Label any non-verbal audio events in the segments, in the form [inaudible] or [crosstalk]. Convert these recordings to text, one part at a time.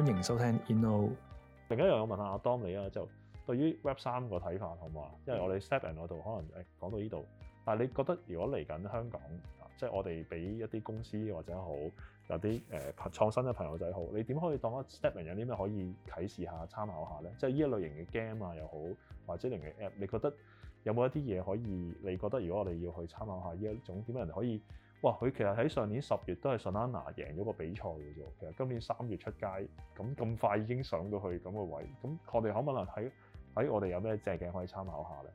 歡迎收聽 InKnow。另外一樣，我問下阿 Dominie 啊，就是、對於 Web 三個睇法好唔好啊？因為我哋 StepN 嗰度可能誒講、哎、到呢度，但係你覺得如果嚟緊香港，即係我哋俾一啲公司或者好有啲誒、呃、創新嘅朋友仔好，你點可以當一 StepN 有啲咩可以啟示一下、參考一下咧？即係呢一類型嘅 game 啊又好，或者另嘅 App，你覺得有冇一啲嘢可以？你覺得如果我哋要去參考一下呢一種，點樣可以？哇！佢其實喺上年十月都係 Solana 贏咗個比賽嘅啫。其實今年三月出街，咁咁快已經上到去咁嘅位，咁我哋可唔可能喺喺我哋有咩借鏡可以參考一下咧？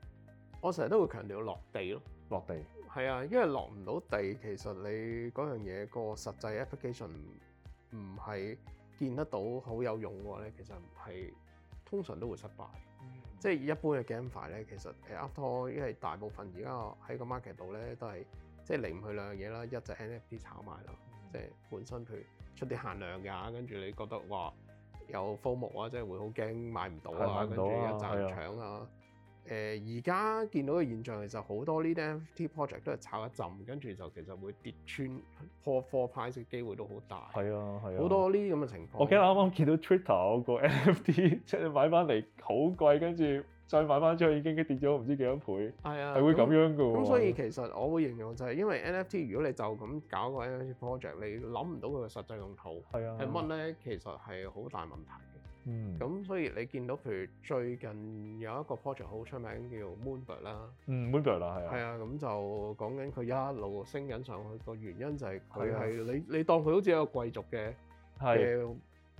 我成日都會強調落地咯，落地係啊，因為落唔到地，其實你嗰樣嘢個實際 application 唔係見得到好有用嘅話咧，其實唔係通常都會失敗。即係、嗯、一般嘅 GameFi 咧，其實誒 up to 因為大部分而家喺個 market 度咧都係。即係離唔去兩樣嘢啦，一就 NFT 炒賣啦，即係本身佢出啲限量㗎，跟住你覺得話有科目啊，即係會好驚買唔到啊，跟住一陣搶啊。誒的，而家見到嘅現象其實好多呢啲 NFT project 都係炒一陣，跟住就其實會跌穿 floor price 嘅機會都好大。係啊，係啊。好多呢啲咁嘅情況。我記得啱啱見到 Twitter 個 NFT 即係買翻嚟好貴，跟住，再買翻張已經跌咗唔知幾多倍，係啊，係會咁樣噶喎。咁所以其實我會形容就係，因為 NFT 如果你就咁搞個 NFT project，你諗唔到佢嘅實際用途係乜咧，其實係好大問題嘅。嗯，咁所以你見到譬如最近有一個 project 好出名叫 Moonbird 啦，嗯，Moonbird 啦，係啊，係啊，咁就講緊佢一路升緊上去，個原因就係佢係你你當佢好似一個貴族嘅嘅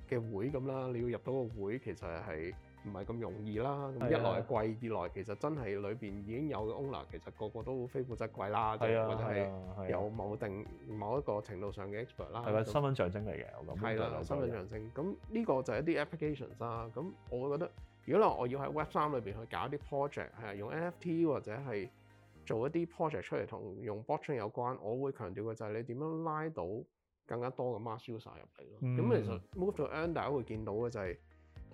嘅會咁啦，你要入到個會其實係。唔係咁容易啦。一來貴，啊、二來其實真係裏邊已經有嘅 owner，其實個個都非富則貴啦，是啊、或者係有某定某一個程度上嘅 expert 啦、啊。係個、啊啊、那身份象徵嚟嘅，我覺得。係啦，身份象徵。咁呢個就係一啲 applications 啦。咁我覺得，如果話我要喺 Web3 裏邊去搞一啲 project，係、啊、用 NFT 或者係做一啲 project 出嚟同用 blockchain 有關，我會強調嘅就係你點樣拉到更加多嘅 mass user 入嚟咯。咁、嗯、其實 move to end 大家會見到嘅就係、是。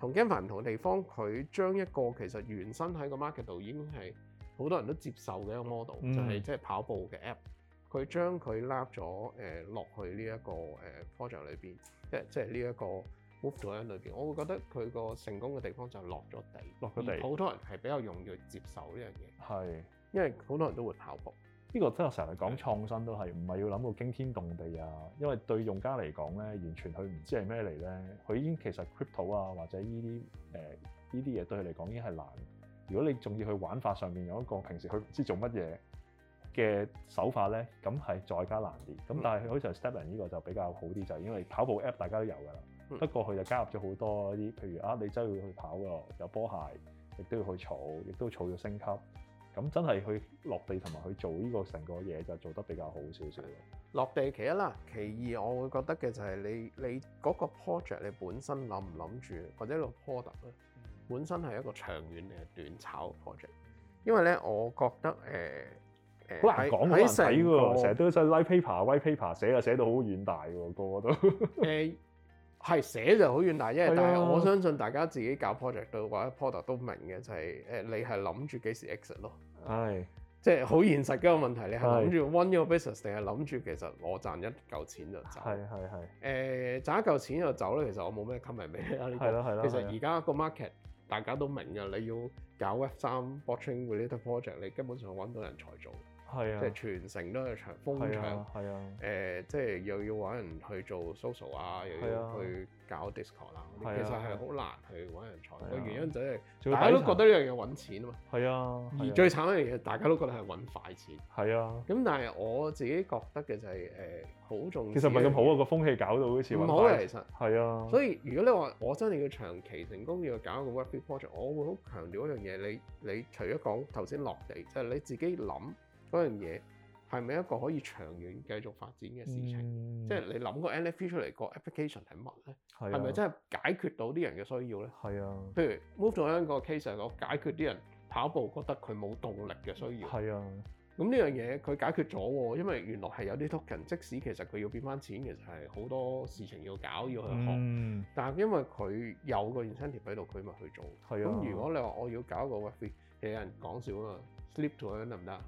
跟 Game 同 Game 唔同嘅地方，佢將一個其實原身喺個 market 度已經係好多人都接受嘅一個 model，嗯、就係即係跑步嘅 app 他他 ap。佢將佢拉咗誒落去呢、這、一個誒 project、呃、裏邊，即係即係呢一個 movement 裏邊。我會覺得佢個成功嘅地方就落咗地，落咗地。好多人係比較容易接受呢樣嘢，係是因為好多人都會跑步。呢個真係成日講創新都係，唔係要諗到驚天動地啊！因為對用家嚟講咧，完全佢唔知係咩嚟咧，佢已經其實 Crypto 啊或者呢啲誒呢啲嘢對佢嚟講已經係難。如果你仲要去玩法上面有一個平時佢唔知做乜嘢嘅手法咧，咁係再加難啲。咁但係好似 Stephen 呢個就比較好啲就係，因為跑步 app 大家都有㗎啦，不過佢就加入咗好多啲，譬如啊你真係要去跑㗎，有波鞋，亦都要去儲，亦都儲要升級。咁真係去落地同埋去做呢個成個嘢就做得比較好少少。落地其一啦，其二我會覺得嘅就係，你你嗰個 project 你本身諗唔諗住或者個 product 本身係一個長遠嘅短炒 project，因為咧，我覺得誒好、呃呃、難講嘅成日都喺 white、like、paper、white paper 寫啊寫到好遠大嘅喎，個個都。 [laughs] 係寫就好遠，大，因為，但係我相信大家自己搞 project 都或者 project 都明嘅，就係、是、誒你係諗住幾時 exit 咯的，係即係好現實嘅一個問題。你係諗住 run your business 定係諗住其實我賺一嚿錢就走？係係係誒賺一嚿錢就走咧。其實我冇咩吸引 m m 咯係咯。其實而家個 market 大家都明嘅，你要搞 Web3 related project，你根本上揾到人才做。係，即係全城都係搶瘋搶，係啊，誒，即係又要揾人去做 social 啊，又要去搞 Discord 啦。其實係好難去揾人才。個原因就係大家都覺得呢樣嘢揾錢啊嘛，係啊。而最慘嘅嘢，大家都覺得係揾快錢，係啊。咁但係我自己覺得嘅就係誒，好重。其實唔係咁好啊，個風氣搞到好似唔好啊，其實係啊。所以如果你話我真係要長期成功要搞一個 working culture，我會好強調一樣嘢，你你除咗講頭先落地，即係你自己諗。嗰樣嘢係咪一個可以長遠繼續發展嘅事情？嗯、即係你諗個 any f u t u 嚟個 application 係乜咧？係咪、啊、真係解決到啲人嘅需要咧？係啊。譬如 move 咗一個 case，我解決啲人跑步覺得佢冇動力嘅需要。係啊。咁呢樣嘢佢解決咗喎，因為原來係有啲 token，即使其實佢要變翻錢，其實係好多事情要搞，要去學。嗯、但係因為佢有個 i n t e n s i o n 喺度，佢咪去做。係啊。咁如果你話我要搞一個 w 有人講笑啊嘛，sleep to earn 得唔得？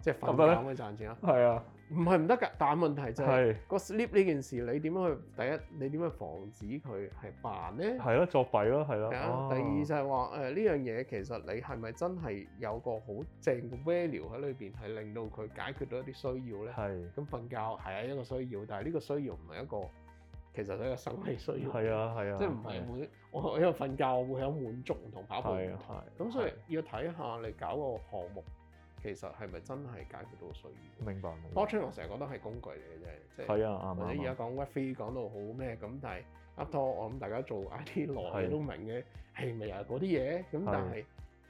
即係瞓覺可以賺錢啊？係啊，唔係唔得㗎。但問題就係個 sleep 呢件事，你點樣去？第一，你點樣防止佢係扮咧？係咯，作弊咯，係咯。第二就係話誒呢樣嘢，其實你係咪真係有個好正嘅 value 喺裏邊，係令到佢解決到一啲需要咧？係。咁瞓覺係一個需要，但係呢個需要唔係一個。其實都係個生理需要，係啊係啊，即係唔係會我我因為瞓覺，我會有滿足唔同跑步唔同咁，所以要睇下你搞個項目其實係咪真係解決到需要？明白。Blockchain 我成日覺得係工具嚟嘅啫，即啊。或者而家講 Web Three 講到好咩咁，但係 Apps 我諗大家做 IT 耐嘅都明嘅，係咪又係嗰啲嘢？咁但係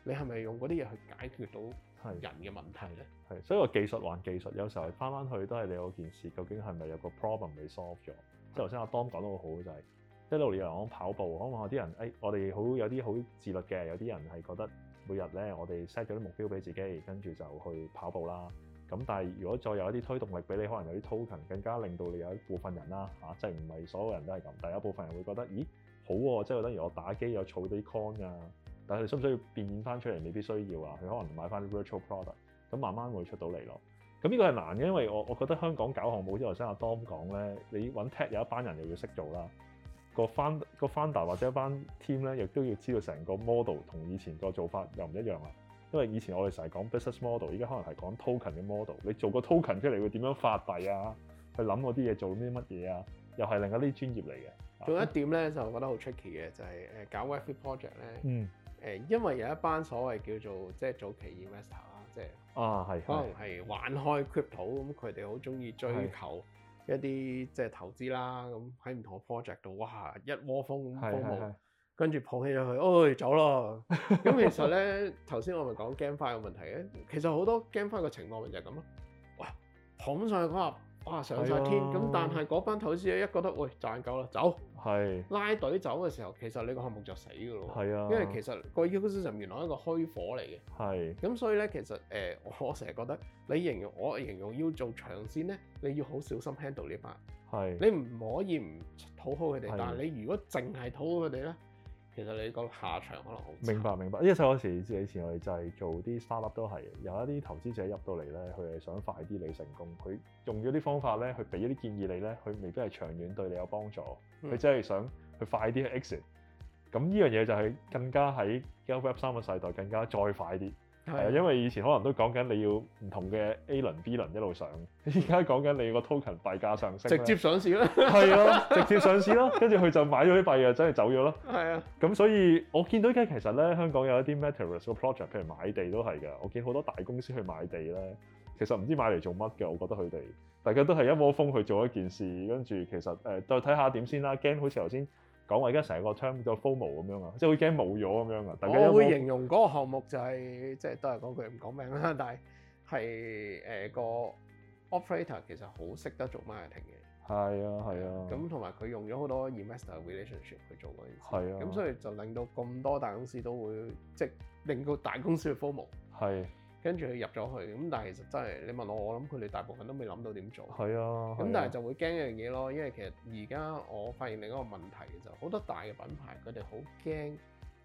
你係咪用嗰啲嘢去解決到人嘅問題咧？係，所以個技術還技術，有時候翻翻去都係你嗰件事，究竟係咪有個 problem 你 solve 咗？即係頭先阿 Dom 講到好，就係即係例如我講跑步，可能有啲人，誒、哎，我哋好有啲好自律嘅，有啲人係覺得每日咧，我哋 set 咗啲目標俾自己，跟住就去跑步啦。咁但係如果再有一啲推動力俾你，可能有啲 token，更加令到你有一部分人啦，嚇、啊，即係唔係所有人都係咁，但係一部分人會覺得，咦，好喎、啊，即係覺得，如果打機有儲啲 coin 啊，但係需唔需要變現翻出嚟？未必需要啊。佢可能買翻啲 virtual product，咁慢慢會出到嚟咯。咁呢個係難嘅，因為我我覺得香港搞項目之後先阿 Dom 講咧，你揾 Tech 有一班人又要識做啦，個 fin 個 founder 或者一班 team 咧，亦都要知道成個 model 同以前個做法又唔一樣啦。因為以前我哋成日講 business model，而家可能係講 token 嘅 model。你做個 token 出嚟會點樣發幣啊？去諗嗰啲嘢做啲乜嘢啊？又係另一啲專業嚟嘅。仲有一點咧， [laughs] 就覺得好 tricky 嘅，就係、誒、搞 web3 project 咧，嗯、因為有一班所謂叫做即係早期 investor。啊，係，係可能係玩開 crypto，咁佢哋好中意追求一啲係即係投資啦，咁喺唔同嘅 project 度，哇，一窩蜂咁風，跟住捧起咗佢，哦、哎，走咯。咁 [laughs] 其實咧，頭先我咪講 GameFi 嘅問題嘅，其實好多 GameFi 嘅情況就係咁咯，哇，捧上去嗰下，哇，上晒天，咁、啊、但係嗰班投資者一覺得，喂、哎，賺夠啦，走。係拉隊走嘅時候，其實你個項目就死㗎咯。係啊的，因為其實個 Ecosystem 原來係一個虛火嚟嘅。係的。咁所以咧，其實誒、呃，我成日覺得你形容我形容要做長線咧，你要好小心 handle 呢班。係的。你唔可以唔討好佢哋，係的，但係你如果淨係討好佢哋咧。其實你個下場可能好明白明白，因為細個時，以前我哋就係做啲 startup 都係，有一啲投資者入到嚟咧，佢係想快啲你成功，佢用咗啲方法咧，佢俾啲建議你咧，佢未必係長遠對你有幫助，佢真係想去快啲去 exit。咁呢樣嘢就係更加喺 Web 三個世代更加再快啲。係啊，因為以前可能都講緊你要唔同嘅 A 輪、B 輪一路上，而家講緊你個 token 幣價上升，直接上市啦係咯，直接上市咯，跟住佢就買咗啲幣啊，真係走咗咯。係啊，咁所以我見到嘅其實咧，香港有一啲 material 嘅 project，譬如買地都係噶，我見好多大公司去買地咧，其實唔知買嚟做乜嘅，我覺得佢哋大家都係一窩蜂去做一件事，跟住其實誒再睇下點先啦，驚好似頭先。講話而家成個 term 就 FOMO 咁樣啊，即係好驚冇咗咁樣啊！大家會形容嗰個項目就係，即係都係講句唔講名啦，但係係誒個 operator 其實好識得做 marketing 嘅。係啊，係啊。咁同埋佢用咗好多 investor relationship 去做嗰件事。係啊。咁所以就令到咁多大公司都會，即係令到大公司嘅 FOMO。係。跟住佢入咗去了，咁但係其實真係你問我，我諗佢哋大部分都未諗到點做。係啊，咁、啊、但係就會驚一樣嘢咯，因為其實而家我發現另一個問題就是，好多大嘅品牌佢哋好驚，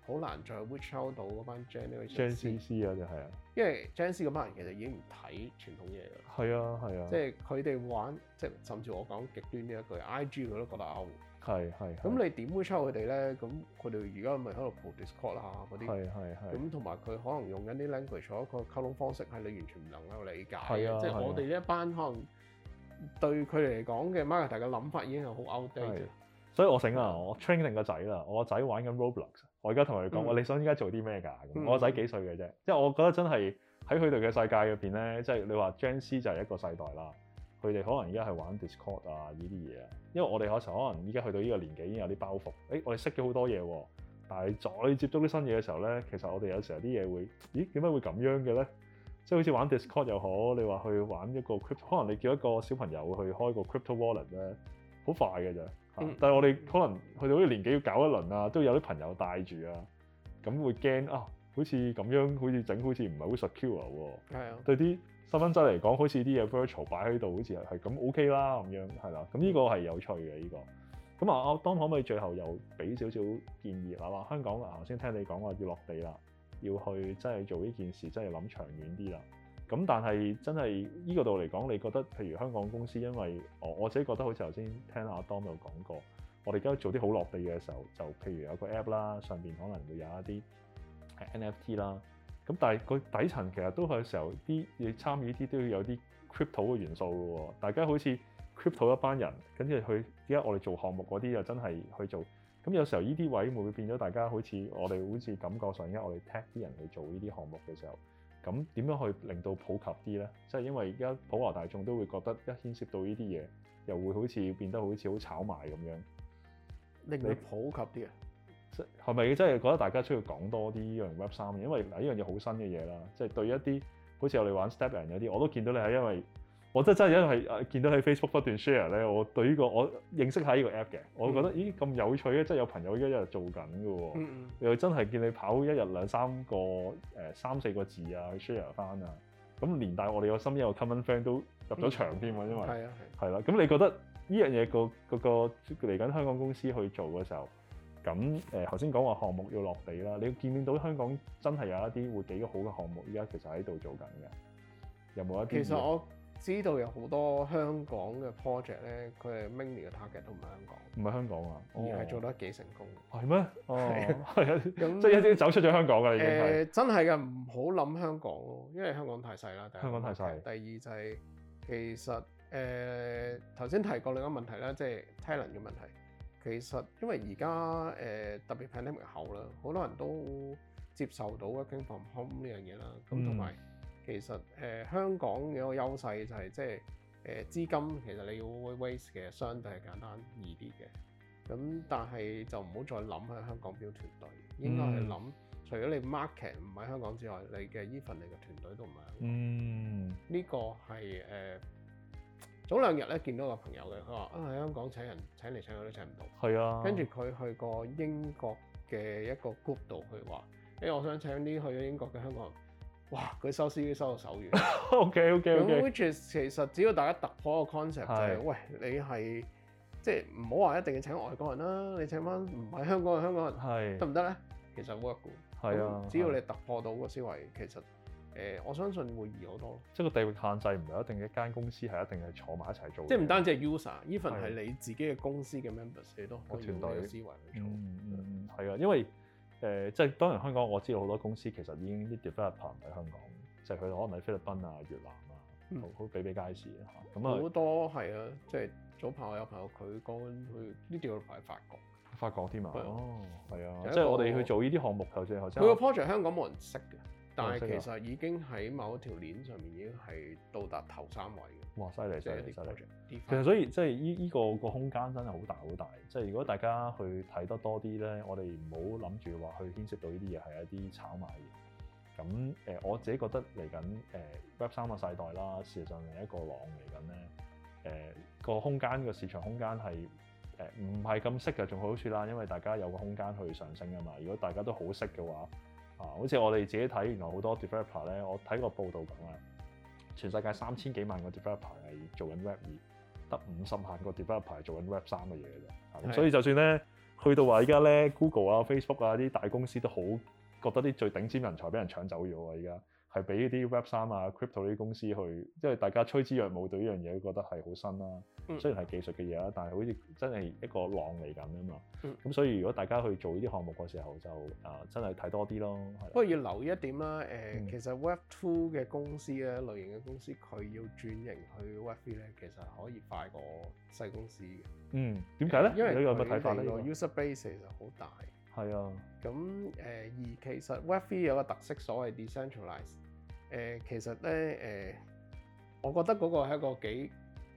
好難再 reach out 到嗰班 Gen Z 啊，就係啊，因為 Gen Z 嗰班人其實已經唔睇傳統嘢㗎。係啊，係啊，即係佢哋玩，即係甚至我講極端呢一句，I G 佢都覺得 out。係係，咁你點會抽佢哋咧？咁佢哋而家咪喺度 po Discord 啦，嗰啲。係係係。咁同埋佢可能用緊啲 language，做一個溝通方式係你完全唔能夠理解啊，啊即係我哋呢一班可能對佢哋嚟講嘅 market 嘅諗法已經係好 outdate 所以我醒啊，我 training 個仔啦，我仔玩緊 Roblox，我而家同佢講：我、嗯、你想依家做啲咩㗎？我仔幾歲嘅啫？即係、嗯、我覺得真係喺佢哋嘅世界入邊咧，即係你話 Gen Z 就係一個世代啦。佢哋可能而家係玩 Discord 啊呢啲嘢啊，因為我哋有時候可能而家去到呢個年紀已經有啲包袱，誒、欸、我哋識咗好多嘢喎，但係再接觸啲新嘢嘅時候咧，其實我哋有時候啲嘢會，咦，點解會咁樣嘅咧？即係好似玩 Discord 又好，你話去玩一個 crypto，可能你叫一個小朋友去開個 crypto wallet 咧，好快嘅啫。嗯、但係我哋可能去到呢個年紀要搞一輪啊，都有啲朋友帶住啊，咁會驚啊，好似咁樣，好似整好似唔係好 secure 喎。係啊。對啲。分真嚟講，好似啲嘢 virtual 擺喺度，好似係係咁 OK 啦咁樣，係啦。咁呢個係有趣嘅呢個。咁啊，阿 Dom 可唔可以最後又俾少少建議啊？話香港頭先聽你講話要落地啦，要去真係做呢件事，真係諗長遠啲啦。咁但係真係呢個度嚟講，你覺得譬如香港公司，因為我我自己覺得好似頭先聽阿阿 Dom 有講過，我哋而家做啲好落地嘅時候，就譬如有個 app 啦，上邊可能會有一啲 NFT 啦。咁但係個底層其實都係有時候啲你參與啲都要有啲 crypto 嘅元素嘅喎，大家好似 crypto 一班人，跟住去而家我哋做項目嗰啲又真係去做，咁有時候呢啲位會唔會變咗大家好似我哋好似感覺上而家我哋 tap 啲人去做呢啲項目嘅時候，咁點樣去令到普及啲咧？即係因為而家普羅大眾都會覺得一牽涉到呢啲嘢，又會好似變得好似好炒賣咁樣，令你普及啲啊？係咪真係覺得大家需要講多啲呢樣 Web 三？因為嗱，呢樣嘢好新嘅嘢啦，即係對一啲好似我哋玩 StepN 嗰啲，我都見到你係因為我真係真係因為見到喺 Facebook 不斷 share 咧，我對呢個我認識下呢個 App 嘅，我覺得咦咁有趣嘅，即係有朋友而家一日做緊㗎喎，嗯嗯又真係見你跑一日兩三個誒三四個字啊去 share 翻啊，咁連帶我哋個身邊有 common friend 都入咗場添喎，因為係、嗯、啊係啦，咁、啊啊、你覺得呢樣嘢個嗰、呢個嚟緊、呢個、香港公司去做嘅時候？咁誒頭先講話項目要落地啦，你要見到香港真係有一啲會幾好嘅項目？依家其實喺度做緊嘅，有冇一啲？其實我知道有好多香港嘅 project 咧，佢係 mini 嘅 target 都唔係香港，唔係香港啊，而係做得幾成功。係咩？哦，係啊，即係一啲走出咗香港㗎已經真係嘅，唔好諗香港咯，因為香港太細啦。香港太細。第二就係，其實誒頭先提過另一個問題啦，即係 talent 嘅問題。其實因為而家誒特別 pandemic 後啦，好多人都接受到 working from home 呢樣嘢啦。咁同埋其實誒、呃、香港嘅一個優勢就係即係誒資金，其實你要 raise 嘅相對係簡單易啲嘅。咁但係就唔好再諗喺香港表團隊，mm. 應該去諗除咗你 market 唔喺香港之外，你嘅 even 你嘅團隊都唔喺香港嗯，呢、mm. 個係誒。呃早兩日咧見到個朋友嘅，佢話啊喺香港請人請嚟請去都請唔到，係啊。跟住佢去過英國嘅一個 group 度去話，因、欸、我想請啲去咗英國嘅香港人，哇佢收 CV 收到手軟。 [laughs] OK OK OK，which okay . is 其實只要大家突破一個 concept 就係、是，是喂你係即係唔好話一定要請外國人啦，你請翻唔係香港嘅香港人得唔得咧？其實 work 嘅，係啊，只要你突破到個思維，啊、其實。誒、呃，我相信會易好多囉。即係個地域限制唔係一定，的一間公司係一定係坐埋一齊做。即係唔單止係 user，even 係你自己嘅公司嘅 members 的你都可以用個團隊嘅思維嚟做。嗯嗯，係、嗯、啊，因為誒、呃，即係當然香港我知道好多公司其實已經啲 developer 唔喺香港，就係、是、佢可能喺菲律賓啊、越南啊，好、嗯、比比皆是嚇。咁啊，好多係啊，即係早排我有朋友佢講，佢啲 developer 喺法國，法國添啊。哦，係啊的，的即係我哋去做呢啲項目，就最後真係。佢個 project 香港冇人識嘅。但係其實已經喺某一條鏈上面已經係到達頭三位嘅。哇，犀利，犀利，犀利！其實所以即係依依個個空間真係好大好大。即係如果大家去睇得多啲咧，我哋唔好諗住話去牽涉到呢啲嘢係一啲炒賣嘅。咁誒，我自己覺得嚟緊誒 Web 三嘅世代啦，事實上係一個浪嚟緊咧。誒、欸、個空間個市場空間係誒唔係咁識嘅仲好處啦，因為大家有個空間去上升啊嘛。如果大家都好識嘅話，啊，好似我哋自己睇，原來好多 developer 咧，我睇個報道講啊，全世界三千幾萬個 developer 係做緊 web 二，得五十萬個 developer 係做緊 web 三嘅嘢啫。咁的，所以就算咧，去到話依家咧，Google 啊、Facebook 啊啲大公司都好覺得啲最頂尖人才俾人搶走咗啊！而家係俾呢啲 Web 三啊、Crypto 啲公司去，即係大家趨之若鶩對呢樣嘢都覺得係好新啦、啊。嗯、雖然係技術嘅嘢啦，但係好似真係一個浪嚟咁啊嘛。咁、嗯、所以如果大家去做呢啲項目嘅時候，就啊真係睇多啲咯。不過要留意一點啦，呃嗯、其實 Web Two 嘅公司嘅類型嘅公司，佢要轉型去 Web Three 咧，其實可以快過細公司嘅。嗯，點解咧？因為佢呢個 user base 其實好大。係啊的，咁而、呃、其實 Web Three 有個特色，所謂 decentralized 呃、其實咧、呃，我覺得嗰個係一個幾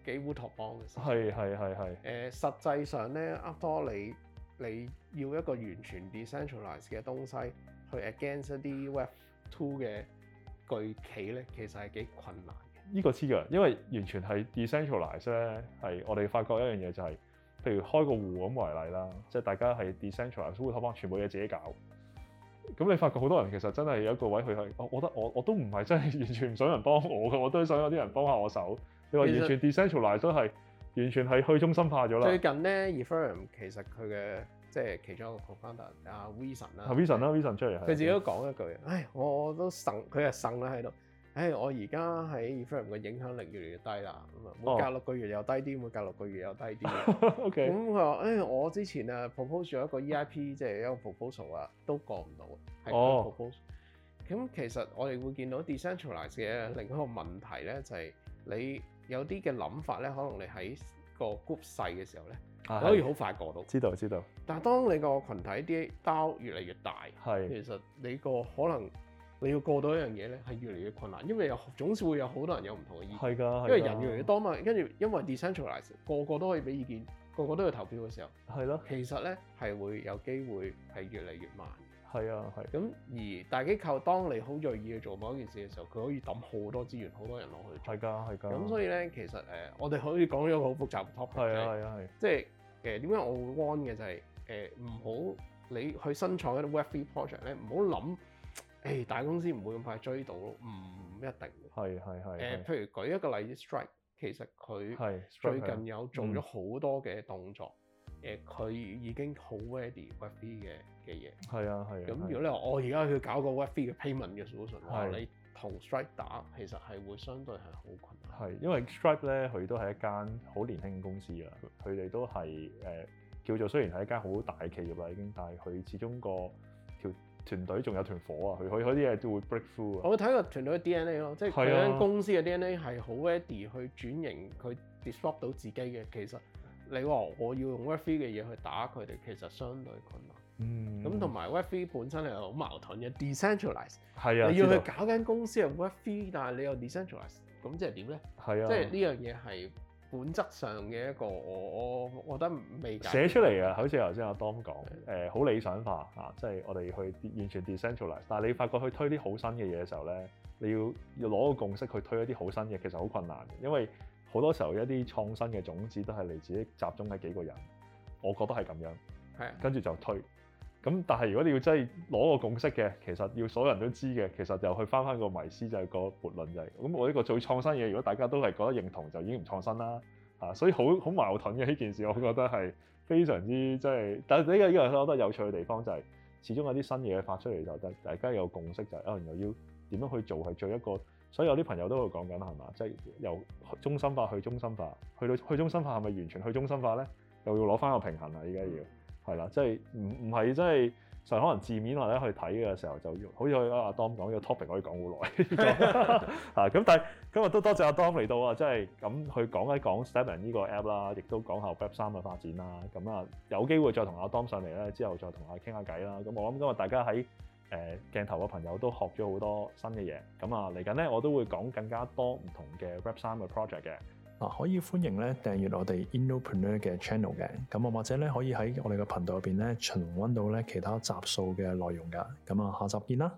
幾烏托邦嘅事。係係係係。誒、呃、實際上咧，阿多你你要一個完全 decentralized 嘅東西去 against 一啲 Web Two 嘅巨企咧，其實係幾困難嘅。呢個知㗎，因為完全係 decentralized 咧，係我哋發覺一樣嘢就係、係，譬如開個戶咁為例啦，即係大家係 decentralized 烏托邦，全部嘢自己搞。咁你發覺好多人其實真係有一個位佢係，我覺得我我都唔係真係完全唔想人幫我㗎，我都想有啲人幫下我手。你話完全 decentralize 都係，實完全係去中心化咗啦。最近咧，Ethereum 其實佢嘅即係其中一個 founder 啊，V 神啦，啊是 V 神啦，V 神出嚟，佢自己都講一句，嗯、唉，我我都神，佢係腎啦喺度。誒、哎，我而家喺 Ethereum 嘅影響力越嚟越低啦，咁啊，每隔六個月又低啲，每隔六個月又低啲。Oh. 低 [laughs] O.K. 咁佢話誒，我之前啊，propose 咗一個 EIP，、ER、即係一個 proposal 啊，都過唔到嘅，係咁、oh. 其實我哋會見到 decentralize 嘅另一個問題咧，就係、是、你有啲嘅諗法咧，可能你喺個 group 細嘅時候咧， [laughs] 可以好快過到、啊。知道，知道。但係當你個群體啲 DAO 越嚟越大，係的，其實你個可能。你要過到一樣嘢咧，係越嚟越困難，因為有總是會有好多人有唔同嘅意見。係噶，因為人越嚟越多嘛。跟住因為 decentralized，個個都可以俾意見，個個都要投票嘅時候。係咯，其實咧，係會有機會係越嚟越慢。係啊，係。咁而大機構當你好鋭意去做某一件事嘅時候，佢可以揼好多資源、好多人落去。係噶，係噶。咁所以咧，其實誒，我哋可以講咗個好複雜 topic。係啊，係啊，係。即係誒點解我會 warn 嘅就係誒唔好你去新創一啲 web three project 咧，唔好諗。誒、哎、大公司唔會咁快追到咯，唔一定。係係係。誒、呃，譬如舉一個例子，Stripe 其實佢最近有做咗好多嘅動作，誒佢是、嗯、已經好 ready Web3 嘅嘅嘢。係啊係啊。咁、啊啊、如果你話我而家去搞個 Web3 嘅 payment 嘅 solution，你同 Stripe 打，其實係會相對係好困難。係，因為 Stripe 咧佢都係一間好年輕嘅公司啊，佢哋都係誒、呃、叫做雖然係一間好大企業啦已經，但係佢始終個團隊仲有團火啊！佢佢嗰啲嘢都會 break through。我睇個團隊嘅 DNA 咯，即係間公司嘅 DNA 係好 ready 去轉型，去 disrupt 到自己嘅。其實你話我要用 Web3 嘅嘢去打佢哋，其實相對困難。嗯。咁同埋 Web3 本身係好矛盾嘅，decentralized。係啊。你要去搞間公司係 Web3，但係你又 decentralized，咁即係點咧？係啊。即係呢樣嘢係。本質上嘅一個，我我覺得未寫出嚟啊！好似頭先阿 Dom 講，呃，好理想化啊，即係我哋去完全 decentralize，但係你發覺去推啲好新嘅嘢嘅時候咧，你要要攞個共識去推，推一啲好新嘅，其實好困難嘅，因為好多時候一啲創新嘅種子都係嚟自己集中喺幾個人。我覺得係咁樣，跟住就推。咁但係如果你要真係攞個共識嘅，其實要所有人都知嘅，其實就去翻返個迷思，就係個悖論就係咁。我呢個最創新嘢，如果大家都係覺得認同，就已經唔創新啦。啊，所以好好矛盾嘅呢件事，我覺得係非常之即係，但係呢個因為我覺得有趣嘅地方就係、是，始終有啲新嘢發出嚟就得，大家有共識就係，可能又要點樣去做係做一個，所以有啲朋友都會講緊係嘛，即係、就是、由中心化去中心化，去到去中心化係咪完全去中心化咧？又要攞翻個平衡啦，依家要係啦，即係唔唔係即係。上可能字面或者去睇嘅時候，就要，好似去阿阿 Dom 講呢個 topic 可以講好耐。啊，咁但係今日都多謝阿 Dom 嚟到啊，即係咁去講一講 StableN 呢個 app 啦，亦都講下 Web 三嘅發展啦。咁啊，有機會再同阿 Dom 上嚟咧，之後再同佢傾下偈啦。咁我諗今日大家喺誒鏡頭嘅朋友都學咗好多新嘅嘢。咁啊，嚟緊咧我都會講更加多唔同嘅 Web 三嘅 project 嘅。啊、可以歡迎訂訂閱我哋 Innopreneur 嘅 channel 嘅，咁或者可以喺我哋嘅頻道入面呢尋揾到呢其他集數嘅內容㗎，咁啊下集見啦！